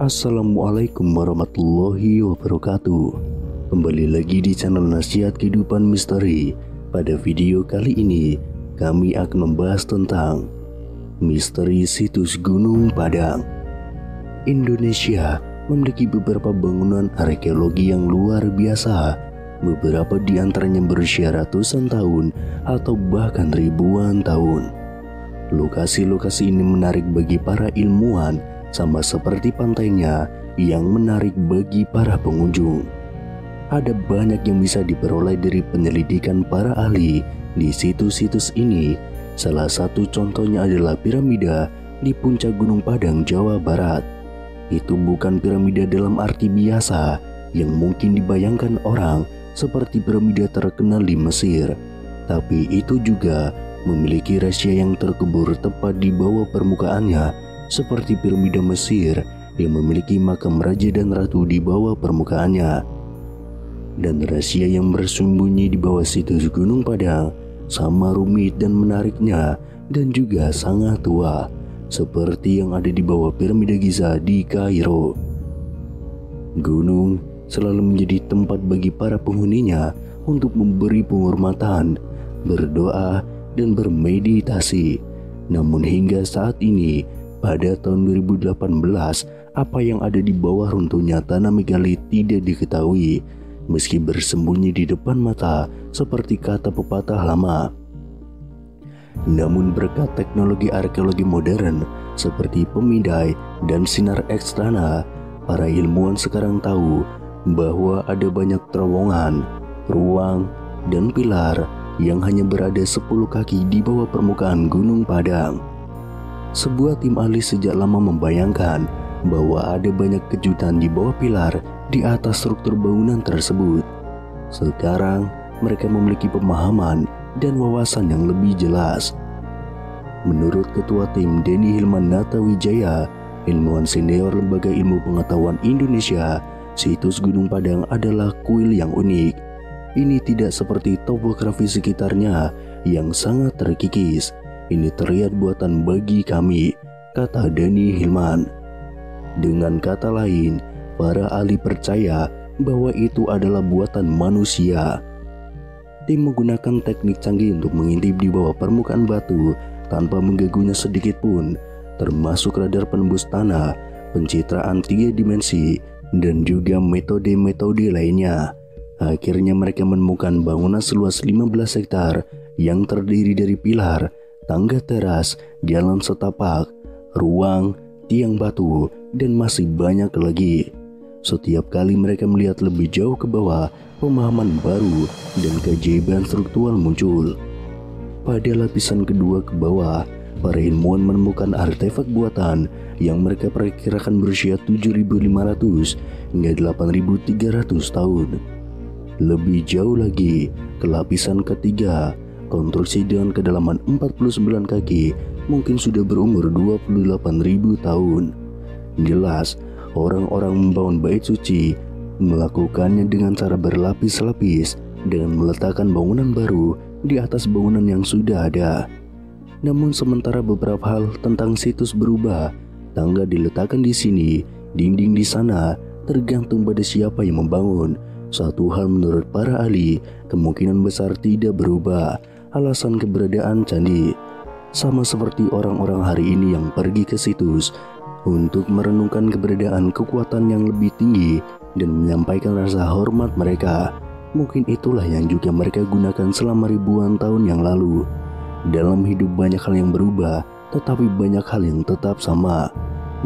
Assalamualaikum warahmatullahi wabarakatuh Kembali lagi di channel Nasihat Kehidupan Misteri Pada video kali ini kami akan membahas tentang Misteri Situs Gunung Padang Indonesia memiliki beberapa bangunan arkeologi yang luar biasa Beberapa di antaranya berusia ratusan tahun atau bahkan ribuan tahun Lokasi-lokasi ini menarik bagi para ilmuwan sama seperti pantainya yang menarik bagi para pengunjung. Ada banyak yang bisa diperoleh dari penyelidikan para ahli di situs-situs ini. Salah satu contohnya adalah piramida di puncak Gunung Padang, Jawa Barat. Itu bukan piramida dalam arti biasa yang mungkin dibayangkan orang seperti piramida terkenal di Mesir, tapi itu juga memiliki rahasia yang terkubur tepat di bawah permukaannya seperti piramida Mesir yang memiliki makam raja dan ratu di bawah permukaannya. Dan rahasia yang bersembunyi di bawah situs Gunung Padang sama rumit dan menariknya dan juga sangat tua seperti yang ada di bawah piramida Giza di Kairo. Gunung selalu menjadi tempat bagi para penghuninya untuk memberi penghormatan, berdoa, dan bermeditasi. Namun hingga saat ini, pada tahun 2018, apa yang ada di bawah runtuhnya tanah megalit tidak diketahui, meski bersembunyi di depan mata seperti kata pepatah lama. Namun berkat teknologi arkeologi modern seperti pemindai dan sinar X tanah, para ilmuwan sekarang tahu bahwa ada banyak terowongan, ruang, dan pilar yang hanya berada 10 kaki di bawah permukaan Gunung Padang sebuah tim ahli sejak lama membayangkan bahwa ada banyak kejutan di bawah pilar di atas struktur bangunan tersebut. Sekarang, mereka memiliki pemahaman dan wawasan yang lebih jelas. Menurut Ketua Tim Denny Hilman Natawijaya, ilmuwan senior Lembaga Ilmu Pengetahuan Indonesia, situs Gunung Padang adalah kuil yang unik. Ini tidak seperti topografi sekitarnya yang sangat terkikis, ini terlihat buatan bagi kami, kata Denny Hilman. Dengan kata lain, para ahli percaya bahwa itu adalah buatan manusia. Tim menggunakan teknik canggih untuk mengintip di bawah permukaan batu tanpa menggagunya sedikit pun, termasuk radar penembus tanah, pencitraan tiga dimensi, dan juga metode-metode lainnya. Akhirnya mereka menemukan bangunan seluas 15 hektar yang terdiri dari pilar, tangga teras, jalan setapak, ruang, tiang batu, dan masih banyak lagi. Setiap kali mereka melihat lebih jauh ke bawah, pemahaman baru dan keajaiban struktural muncul. Pada lapisan kedua ke bawah, para ilmuwan menemukan artefak buatan yang mereka perkirakan berusia 7.500 hingga 8.300 tahun. Lebih jauh lagi, ke lapisan ketiga, konstruksi dengan kedalaman 49 kaki mungkin sudah berumur 28.000 tahun. Jelas, orang-orang membangun bait suci melakukannya dengan cara berlapis-lapis dengan meletakkan bangunan baru di atas bangunan yang sudah ada. Namun sementara beberapa hal tentang situs berubah, tangga diletakkan di sini, dinding di sana, tergantung pada siapa yang membangun. Satu hal menurut para ahli, kemungkinan besar tidak berubah, alasan keberadaan candi. Sama seperti orang-orang hari ini yang pergi ke situs untuk merenungkan keberadaan kekuatan yang lebih tinggi dan menyampaikan rasa hormat mereka. Mungkin itulah yang juga mereka gunakan selama ribuan tahun yang lalu. Dalam hidup banyak hal yang berubah, tetapi banyak hal yang tetap sama.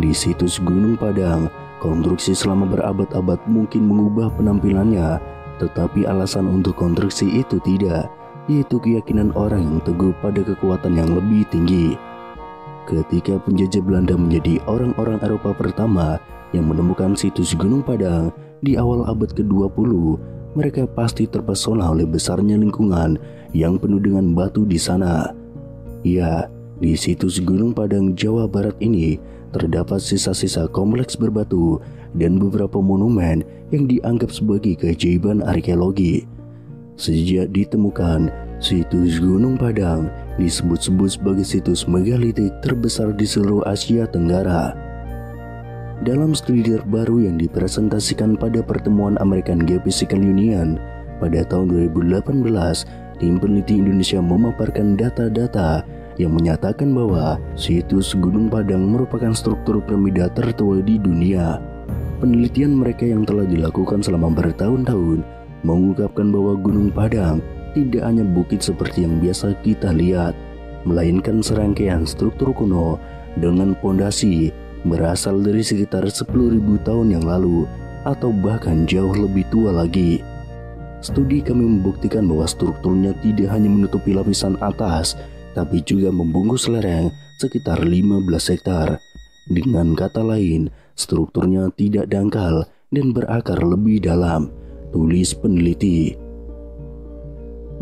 Di situs Gunung Padang, konstruksi selama berabad-abad mungkin mengubah penampilannya, tetapi alasan untuk konstruksi itu tidak yaitu keyakinan orang yang teguh pada kekuatan yang lebih tinggi. Ketika penjajah Belanda menjadi orang-orang Eropa pertama yang menemukan situs Gunung Padang di awal abad ke-20, mereka pasti terpesona oleh besarnya lingkungan yang penuh dengan batu di sana. Ya, di situs Gunung Padang, Jawa Barat ini terdapat sisa-sisa kompleks berbatu dan beberapa monumen yang dianggap sebagai keajaiban arkeologi. Sejak ditemukan, situs Gunung Padang disebut-sebut sebagai situs megalitik terbesar di seluruh Asia Tenggara. Dalam studi terbaru yang dipresentasikan pada pertemuan American Geophysical Union pada tahun 2018, tim peneliti Indonesia memaparkan data-data yang menyatakan bahwa situs Gunung Padang merupakan struktur piramida tertua di dunia. Penelitian mereka yang telah dilakukan selama bertahun-tahun mengungkapkan bahwa Gunung Padang tidak hanya bukit seperti yang biasa kita lihat, melainkan serangkaian struktur kuno dengan pondasi berasal dari sekitar 10.000 tahun yang lalu atau bahkan jauh lebih tua lagi. Studi kami membuktikan bahwa strukturnya tidak hanya menutupi lapisan atas, tapi juga membungkus lereng sekitar 15 hektar. Dengan kata lain, strukturnya tidak dangkal dan berakar lebih dalam tulis peneliti.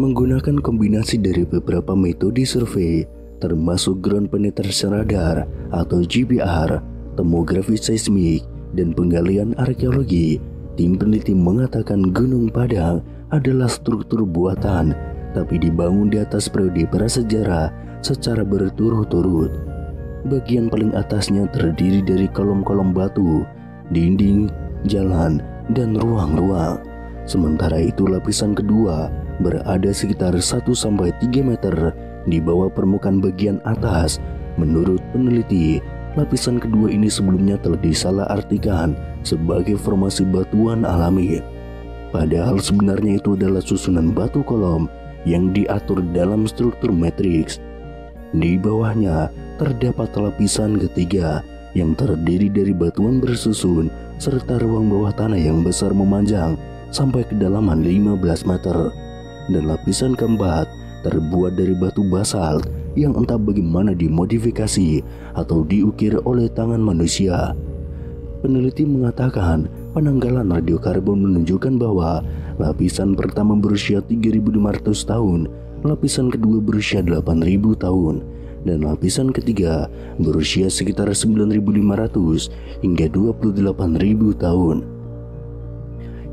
Menggunakan kombinasi dari beberapa metode survei, termasuk ground penetration radar atau GPR, tomografi seismik, dan penggalian arkeologi, tim peneliti mengatakan Gunung Padang adalah struktur buatan tapi dibangun di atas periode prasejarah secara berturut-turut. Bagian paling atasnya terdiri dari kolom-kolom batu, dinding, jalan, dan ruang-ruang. Sementara itu lapisan kedua berada sekitar 1-3 meter di bawah permukaan bagian atas. Menurut peneliti, lapisan kedua ini sebelumnya telah disalahartikan sebagai formasi batuan alami. Padahal sebenarnya itu adalah susunan batu kolom yang diatur dalam struktur matriks. Di bawahnya terdapat lapisan ketiga yang terdiri dari batuan bersusun serta ruang bawah tanah yang besar memanjang sampai kedalaman 15 meter dan lapisan keempat terbuat dari batu basalt yang entah bagaimana dimodifikasi atau diukir oleh tangan manusia. Peneliti mengatakan penanggalan radiokarbon menunjukkan bahwa lapisan pertama berusia 3500 tahun, lapisan kedua berusia 8000 tahun, dan lapisan ketiga berusia sekitar 9500 hingga 28000 tahun.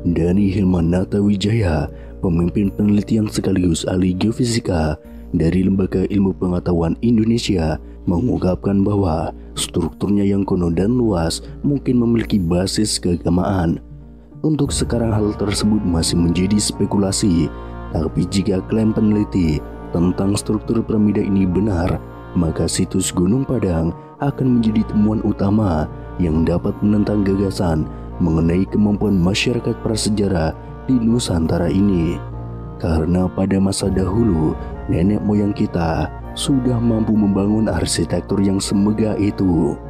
Dani Hilmanata Wijaya, pemimpin penelitian sekaligus ahli geofisika dari Lembaga Ilmu Pengetahuan Indonesia mengungkapkan bahwa strukturnya yang konon dan luas mungkin memiliki basis keagamaan. Untuk sekarang hal tersebut masih menjadi spekulasi, tapi jika klaim peneliti tentang struktur piramida ini benar, maka situs Gunung Padang akan menjadi temuan utama yang dapat menentang gagasan mengenai kemampuan masyarakat prasejarah di Nusantara ini. Karena pada masa dahulu, nenek moyang kita sudah mampu membangun arsitektur yang semegah itu.